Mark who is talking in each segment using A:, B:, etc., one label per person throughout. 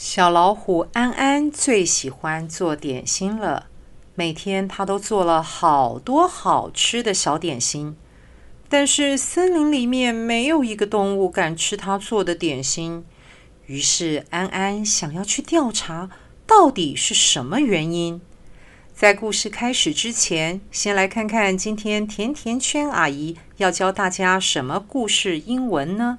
A: 小老虎安安最喜歡做點心了，每天他都做了好多好吃的小點心。但是森林裡面沒有一個動物敢吃他做的點心，於是安安想要去調查到底是什麼原因。在故事開始之前，先來看看今天甜甜圈阿姨要教大家什麼故事英文呢？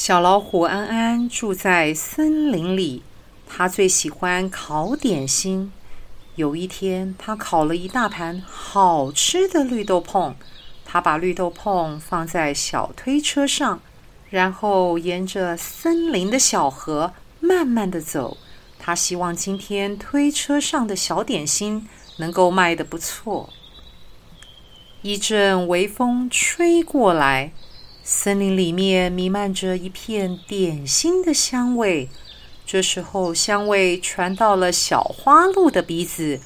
A: 小老虎安安住在森林裡，他最喜歡烤點心。有一天，他烤了一大盤好吃的綠豆椪。他把綠豆椪放在小推車上，然後沿着森林的小河慢慢地走。他希望今天推車上的小點心能夠賣得不錯。一陣微風吹過來。森林裡面瀰漫着一片點心的香味，這時候香味傳到了小花鹿的鼻子，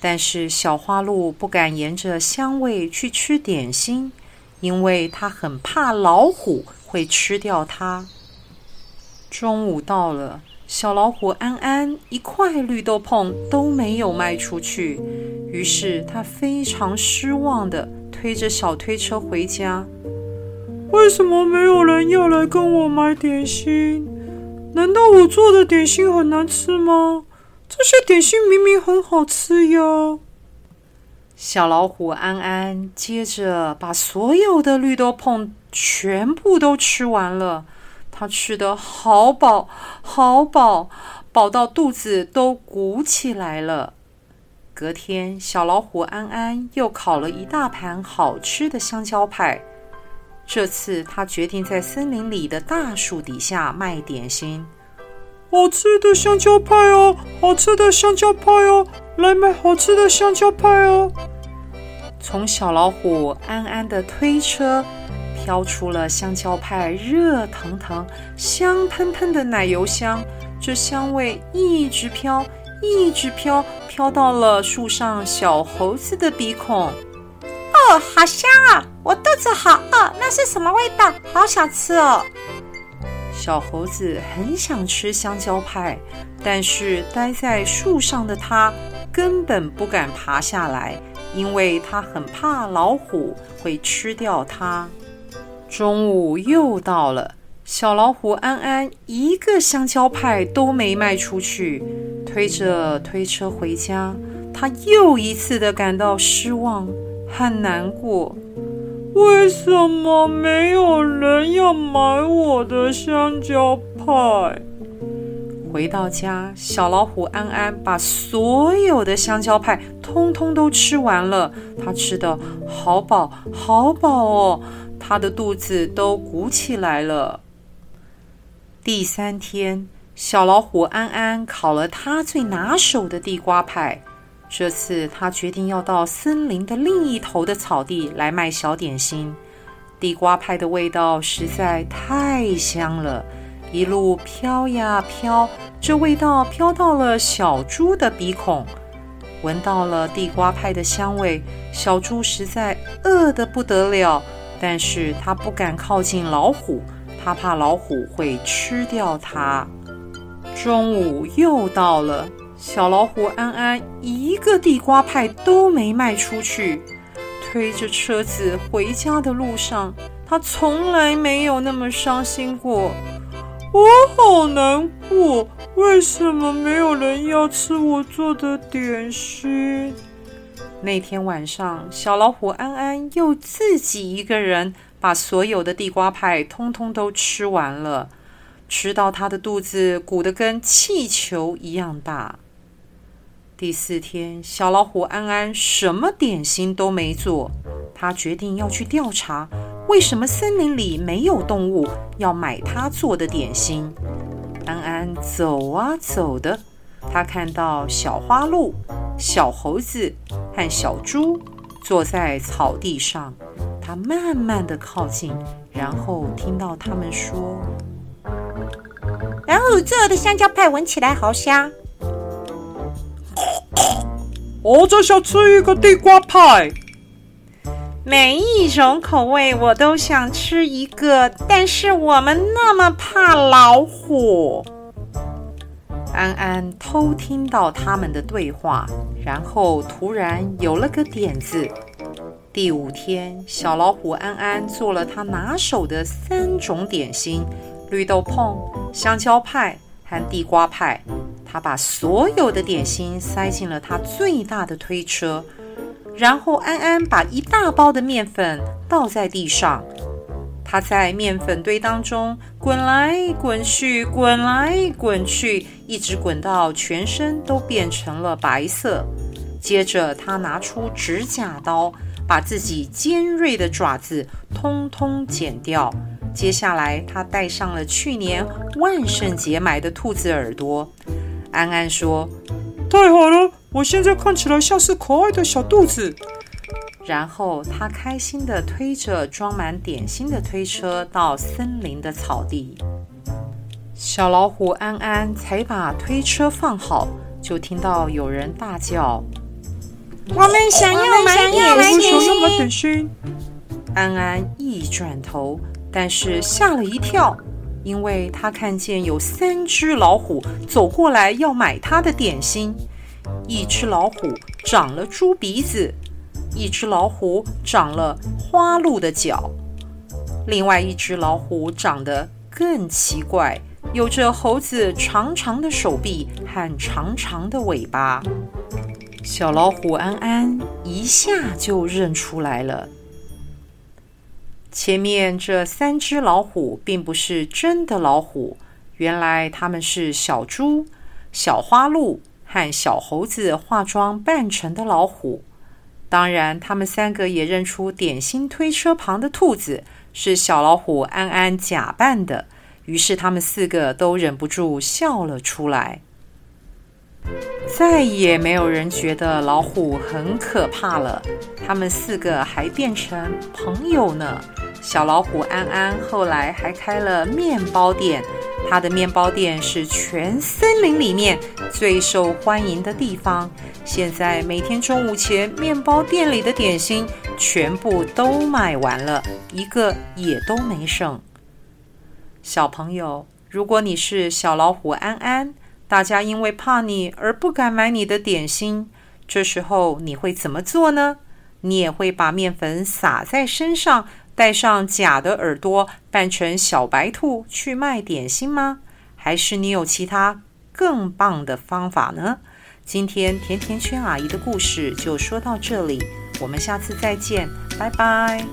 A: 但是小花鹿不敢沿着香味去吃點心，因為它很怕老虎會吃掉它。中午到了，小老虎安安一塊綠豆椪都沒有賣出去，於是它非常失望地推着小推車回家。為什麼沒有人要來跟我買點心？難道我做的點心很難吃嗎？這些點心明明很好吃喲！小老虎安安接着把所有的綠豆椪全部都吃完了，他吃得好飽好飽，飽到肚子都鼓起來了。隔天，小老虎安安又烤了一大盤好吃的香蕉派。這次他決定在森林裡的大樹底下賣點心。好吃的香蕉派哦，好吃的香蕉派哦，來買好吃的香蕉派哦。從小老虎安安的推車飄出了香蕉派，熱騰騰、香噴噴的奶油香，這香味一直飄，一直飄，飄到了樹上小猴子的鼻孔。好香啊！我肚子好餓，那是什麼味道？好想吃哦！小猴子很想吃香蕉派，但是待在樹上的它根本不敢爬下來，因為它很怕老虎會吃掉它。中午又到了，小老虎安安一個香蕉派都沒賣出去，推着推車回家，它又一次的感到失望。很難過，為什麼沒有人要買我的香蕉派？回到家，小老虎安安把所有的香蕉派通通都吃完了，他吃得好飽好飽哦，他的肚子都鼓起來了。第三天，小老虎安安烤了他最拿手的地瓜派。這次他決定要到森林的另一頭的草地來賣小點心，地瓜派的味道實在太香了，一路飄呀飄，這味道飄到了小豬的鼻孔，聞到了地瓜派的香味，小豬實在餓得不得了，但是他不敢靠近老虎，他怕老虎會吃掉他。中午又到了。小老虎安安一個地瓜派都沒賣出去。推着車子回家的路上，他從來沒有那麼傷心過。我好難過，為什麼沒有人要吃我做的點心？那天晚上，小老虎安安又自己一個人把所有的地瓜派通通都吃完了，吃到他的肚子鼓得跟氣球一樣大。第四天，小老虎安安什麼點心都沒做，他決定要去調查為什麼森林裡沒有動物要買他做的點心。安安走啊走的，他看到小花鹿、小猴子和小豬坐在草地上，他慢慢地靠近，然後聽到他們說：“然後這兒的香蕉派聞起來好香。”我想吃一個地瓜派，每一種口味我都想吃一個，但是我們那麼怕老虎。安安偷聽到他們的對話，然後突然有了個點子。第五天，小老虎安安做了他拿手的三種點心：綠豆椪、香蕉派和地瓜派。他把所有的點心塞進了他最大的推車，然後安安把一大包的麵粉倒在地上。他在麵粉堆當中滾來滾去，滾來滾去，一直滾到全身都變成了白色。接着，他拿出指甲刀，把自己尖銳的爪子通通剪掉。接下來，他戴上了去年萬聖節買的兔子耳朵。安安說：“太好了，我現在看起來像是可愛的小兔子。”然後他開心地推着裝滿點心的推車到森林的草地。小老虎安安才把推車放好，就聽到有人大叫：“我們想要買點心哦！”我們想要買那麼點心。安安一轉頭，但是嚇了一跳。因為他看見有三隻老虎走過來要買他的點心，一隻老虎長了豬鼻子，一隻老虎長了花鹿的角，另外一隻老虎長得更奇怪，有着猴子長長的手臂和長長的尾巴。小老虎安安一下就認出來了。前面這三隻老虎並不是真的老虎，原來他們是小豬、小花鹿和小猴子化妝扮成的老虎。當然，他們三個也認出點心推車旁的兔子是小老虎安安假扮的。於是，他們四個都忍不住笑了出來。再也沒有人覺得老虎很可怕了。他們四個還變成朋友呢。小老虎安安後來還開了麵包店，他的麵包店是全森林裡面最受歡迎的地方。現在每天中午前，麵包店裡的點心全部都賣完了，一個也都沒剩。小朋友，如果你是小老虎安安，大家因為怕你而不敢買你的點心，這時候你會怎麼做呢？你也會把麵粉撒在身上，戴上假的耳朵，扮成小白兔去賣點心嗎？還是你有其他更棒的方法呢？今天甜甜圈阿姨的故事就說到這裡，我們下次再見，拜拜。